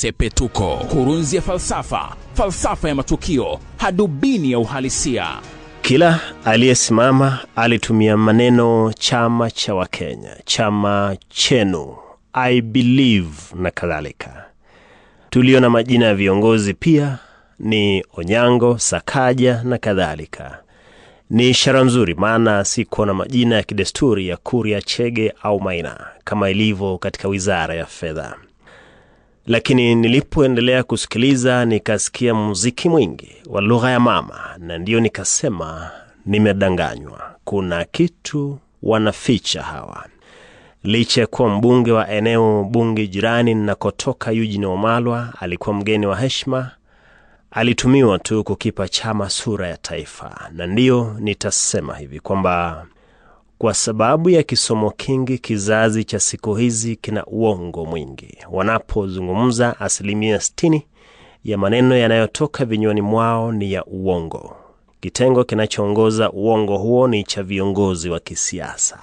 Sepetuko, kurunzi ya falsafa, falsafa ya matukio, hadubini ya uhalisia. Kila aliyesimama alitumia maneno chama cha Wakenya, chama chenu, I believe na kadhalika. Tuliona majina ya viongozi pia ni Onyango, Sakaja na kadhalika. Ni ishara nzuri, maana si kuona majina ya kidesturi ya Kuria, Chege au Maina kama ilivyo katika wizara ya fedha lakini nilipoendelea kusikiliza nikasikia muziki mwingi wa lugha ya mama, na ndiyo nikasema nimedanganywa, kuna kitu wanaficha hawa. Licha ya kuwa mbunge wa eneo bunge jirani ninakotoka, yujini omalwa alikuwa mgeni wa heshma alitumiwa tu kukipa chama sura ya taifa, na ndiyo nitasema hivi kwamba kwa sababu ya kisomo kingi, kizazi cha siku hizi kina uongo mwingi. Wanapozungumza, asilimia 60 ya maneno yanayotoka vinywani mwao ni ya uongo. Kitengo kinachoongoza uongo huo ni cha viongozi wa kisiasa,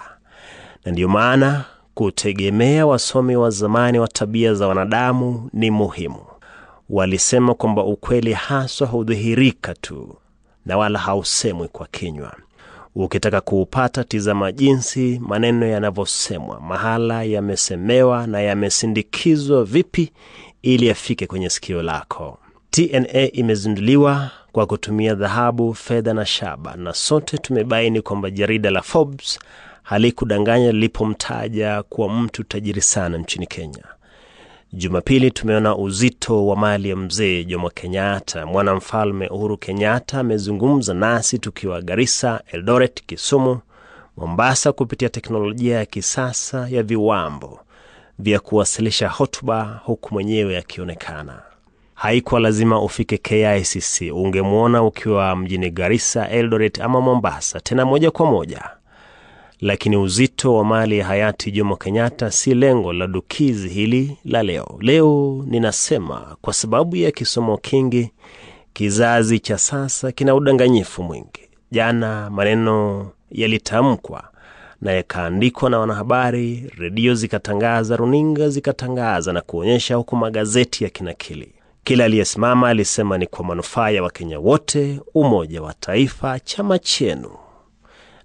na ndiyo maana kutegemea wasomi wa zamani wa tabia za wanadamu ni muhimu. Walisema kwamba ukweli haswa hudhihirika tu na wala hausemwi kwa kinywa. Ukitaka kuupata, tizama jinsi maneno yanavyosemwa, mahala yamesemewa na yamesindikizwa vipi ili yafike kwenye sikio lako. TNA imezinduliwa kwa kutumia dhahabu, fedha na shaba, na sote tumebaini kwamba jarida la Forbes halikudanganya lilipomtaja kuwa mtu tajiri sana nchini Kenya. Jumapili tumeona uzito wa mali ya mzee Jomo Kenyatta. Mwanamfalme Uhuru Kenyatta amezungumza nasi tukiwa Garissa, Eldoret, Kisumu, Mombasa kupitia teknolojia ya kisasa ya viwambo vya kuwasilisha hotuba huku mwenyewe akionekana. Haikuwa lazima ufike KICC, ungemwona ukiwa mjini Garissa, Eldoret ama Mombasa, tena moja kwa moja lakini uzito wa mali ya hayati Jomo Kenyatta si lengo la dukizi hili la leo. Leo ninasema kwa sababu ya kisomo kingi, kizazi cha sasa kina udanganyifu mwingi. Jana maneno yalitamkwa na yakaandikwa na wanahabari, redio zikatangaza, runinga zikatangaza na kuonyesha, huku magazeti ya kinakili. Kila aliyesimama alisema ni kwa manufaa ya Wakenya wote, umoja wa taifa, chama chenu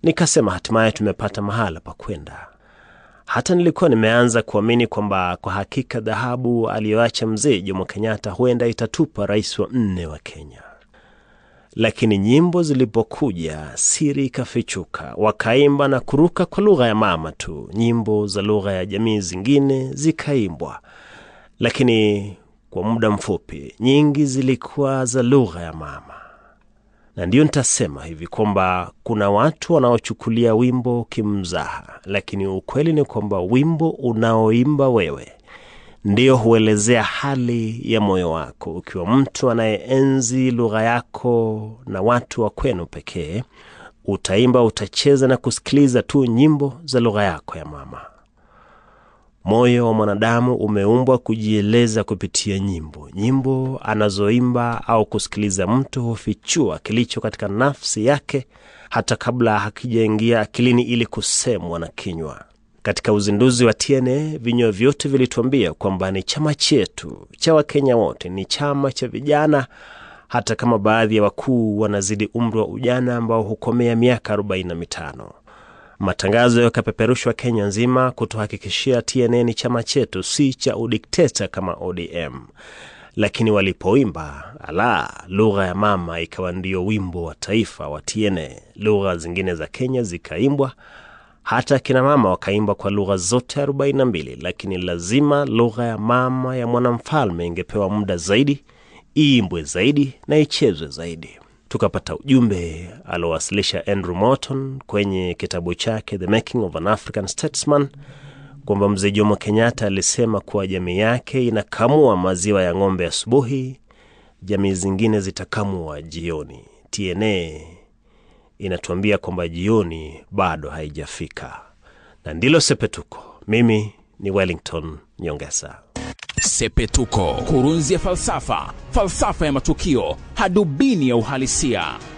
Nikasema hatimaye tumepata mahala pa kwenda. Hata nilikuwa nimeanza kuamini kwamba kwa hakika dhahabu aliyoacha mzee Jomo Kenyatta huenda itatupa rais wa nne wa Kenya. Lakini nyimbo zilipokuja, siri ikafichuka. Wakaimba na kuruka kwa lugha ya mama tu, nyimbo za lugha ya jamii zingine zikaimbwa, lakini kwa muda mfupi nyingi zilikuwa za lugha ya mama na ndiyo nitasema hivi kwamba kuna watu wanaochukulia wimbo kimzaha, lakini ukweli ni kwamba wimbo unaoimba wewe ndiyo huelezea hali ya moyo wako. Ukiwa mtu anayeenzi lugha yako na watu wa kwenu pekee, utaimba, utacheza na kusikiliza tu nyimbo za lugha yako ya mama. Moyo wa mwanadamu umeumbwa kujieleza kupitia nyimbo. Nyimbo anazoimba au kusikiliza mtu hufichua kilicho katika nafsi yake hata kabla hakijaingia akilini ili kusemwa na kinywa. Katika uzinduzi wa TNA vinywa vyote vilituambia kwamba ni chama chetu, cha Wakenya wote, ni chama cha vijana, hata kama baadhi ya wakuu wanazidi umri wa ujana ambao hukomea miaka arobaini na mitano. Matangazo yakapeperushwa Kenya nzima kutohakikishia TNA ni chama chetu, si cha udikteta kama ODM. Lakini walipoimba ala, lugha ya mama ikawa ndio wimbo wa taifa wa TNA. Lugha zingine za Kenya zikaimbwa, hata kina mama wakaimba kwa lugha zote 42, lakini lazima lugha ya mama ya mwanamfalme ingepewa muda zaidi, iimbwe zaidi na ichezwe zaidi tukapata ujumbe aliowasilisha Andrew Morton kwenye kitabu chake The Making of an African Statesman kwamba mzee Jomo Kenyatta alisema kuwa jamii yake inakamua maziwa ya ng'ombe asubuhi, jamii zingine zitakamua jioni. TNA inatuambia kwamba jioni bado haijafika, na ndilo sepetuko. Mimi ni Wellington Nyongesa. Sepetuko, kurunzi ya falsafa, falsafa ya matukio, hadubini ya uhalisia.